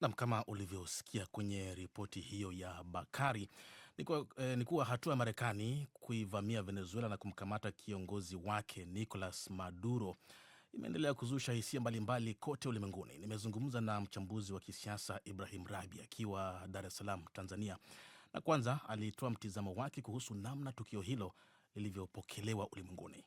Nam, kama ulivyosikia kwenye ripoti hiyo ya Bakari ni eh, kuwa eh, hatua ya Marekani kuivamia Venezuela na kumkamata kiongozi wake Nicolas Maduro imeendelea kuzusha hisia mbalimbali kote ulimwenguni. Nimezungumza na mchambuzi wa kisiasa Ibrahim Rabi akiwa Dar es Salaam, Tanzania, na kwanza alitoa mtizamo wake kuhusu namna tukio hilo lilivyopokelewa ulimwenguni.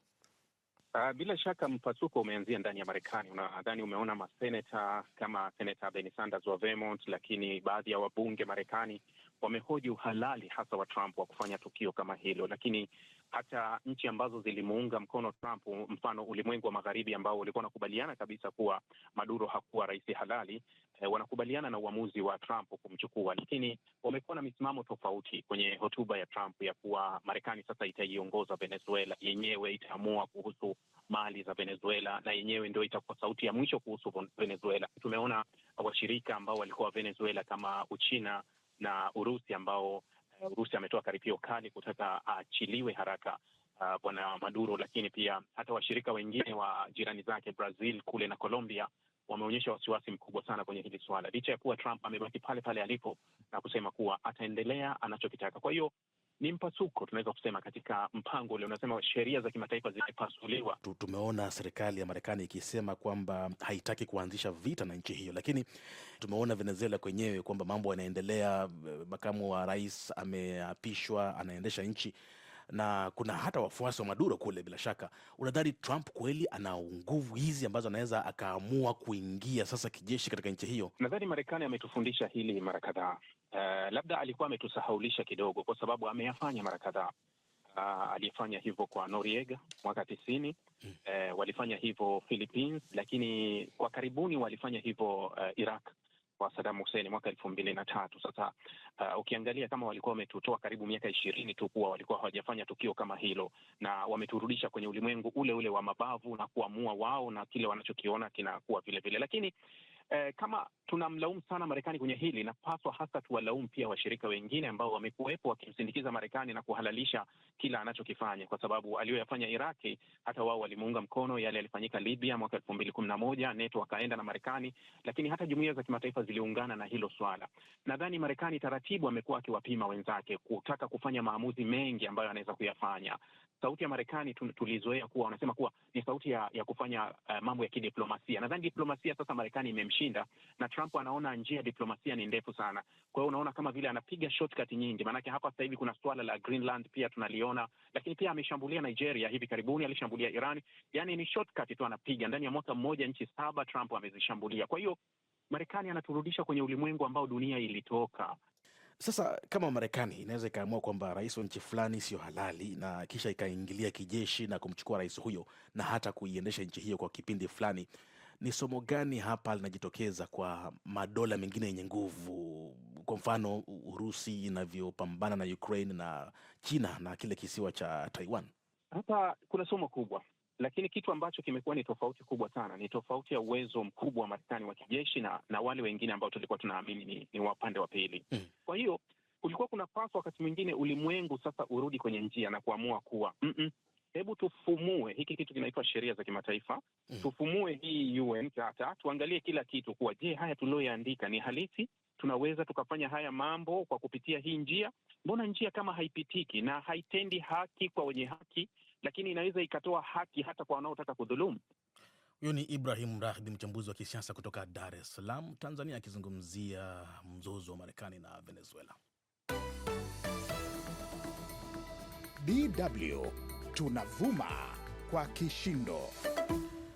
Uh, bila shaka mpasuko umeanzia ndani ya Marekani. unadhani umeona maseneta kama seneta Bernie Sanders wa Vermont, lakini baadhi ya wabunge Marekani wamehoji uhalali hasa wa Trump wa kufanya tukio kama hilo, lakini hata nchi ambazo zilimuunga mkono Trump, mfano ulimwengu wa magharibi ambao ulikuwa unakubaliana kabisa kuwa Maduro hakuwa rais halali, e, wanakubaliana na uamuzi wa Trump kumchukua, lakini wamekuwa na misimamo tofauti kwenye hotuba ya Trump ya kuwa Marekani sasa itaiongoza Venezuela, yenyewe itaamua kuhusu mali za Venezuela na yenyewe ndio itakuwa sauti ya mwisho kuhusu Venezuela. Tumeona washirika ambao walikuwa Venezuela kama Uchina na Urusi ambao Urusi ametoa karipio kali kutaka aachiliwe haraka uh, bwana Maduro, lakini pia hata washirika wengine wa jirani zake Brazil kule na Colombia wameonyesha wasiwasi mkubwa sana kwenye hili suala, licha ya kuwa Trump amebaki pale pale alipo na kusema kuwa ataendelea anachokitaka. Kwa hiyo ni mpasuko, tunaweza kusema katika mpango ule unasema sheria za kimataifa zimepasuliwa. Tumeona serikali ya Marekani ikisema kwamba haitaki kuanzisha vita na nchi hiyo, lakini tumeona Venezuela kwenyewe kwamba mambo yanaendelea. Makamu wa rais ameapishwa, anaendesha nchi na kuna hata wafuasi wa Maduro kule. Bila shaka, unadhani Trump kweli ana nguvu hizi ambazo anaweza akaamua kuingia sasa kijeshi katika nchi hiyo? Nadhani Marekani ametufundisha hili mara kadhaa. Uh, labda alikuwa ametusahaulisha kidogo, kwa sababu ameyafanya mara kadhaa. Uh, alifanya hivyo kwa Noriega mwaka tisini. Uh, walifanya hivyo Philippines, lakini kwa karibuni walifanya hivyo uh, Iraq kwa Saddam Hussein mwaka elfu mbili na tatu. Sasa uh, ukiangalia kama walikuwa wametutoa karibu miaka ishirini tu kuwa walikuwa hawajafanya tukio kama hilo, na wameturudisha kwenye ulimwengu ule ule wa mabavu na kuamua wao na kile wanachokiona kinakuwa vilevile, lakini uh, kama tunamlaumu sana Marekani kwenye hili, inapaswa hasa tuwalaumu pia washirika wengine ambao wamekuwepo wakimsindikiza Marekani na kuhalalisha kila anachokifanya, kwa sababu aliyoyafanya Iraki hata wao walimuunga mkono, yale yalifanyika Libya mwaka elfu mbili kumi na moja NATO akaenda na Marekani, lakini hata jumuiya za kimataifa ziliungana na hilo swala. Nadhani Marekani taratibu amekuwa akiwapima wenzake, kutaka kufanya maamuzi mengi ambayo anaweza kuyafanya. Sauti ya Marekani tulizoea kuwa wanasema kuwa ni sauti ya, ya kufanya uh, mambo ya kidiplomasia. Nadhani diplomasia sasa Marekani imemshinda na Trump anaona njia ya diplomasia ni ndefu sana. Kwa hiyo unaona kama vile anapiga shortcut nyingi, maanake hapa sasa hivi kuna suala la Greenland pia tunaliona, lakini pia ameshambulia Nigeria hivi karibuni, alishambulia Iran. Yani ni shortcut tu anapiga, ndani ya mwaka mmoja nchi saba Trump amezishambulia. Kwa hiyo Marekani anaturudisha kwenye ulimwengu ambao dunia ilitoka. Sasa kama Marekani inaweza ikaamua kwamba rais wa nchi fulani siyo halali na kisha ikaingilia kijeshi na kumchukua rais huyo na hata kuiendesha nchi hiyo kwa kipindi fulani, ni somo gani hapa linajitokeza kwa madola mengine yenye nguvu, kwa mfano Urusi inavyopambana na Ukraine na China na kile kisiwa cha Taiwan? Hapa kuna somo kubwa, lakini kitu ambacho kimekuwa ni tofauti kubwa sana ni tofauti ya uwezo mkubwa wa Marekani wa kijeshi na, na wale wengine ambao tulikuwa tunaamini ni, ni wa wa pili mm. Kwa hiyo kulikuwa kuna paswa wakati mwingine ulimwengu sasa urudi kwenye njia na kuamua kuwa mm -mm hebu tufumue hiki kitu kinaitwa sheria za kimataifa mm. Tufumue hii UN Charter, tuangalie kila kitu kuwa, je, haya tulioyaandika ni halisi? Tunaweza tukafanya haya mambo kwa kupitia hii njia? Mbona njia kama haipitiki na haitendi haki kwa wenye haki, lakini inaweza ikatoa haki hata kwa wanaotaka kudhulumu. Huyo ni Ibrahim rahdi mchambuzi wa kisiasa kutoka Dar es Salaam, Tanzania, akizungumzia mzozo wa Marekani na Venezuela. DW tunavuma kwa kishindo.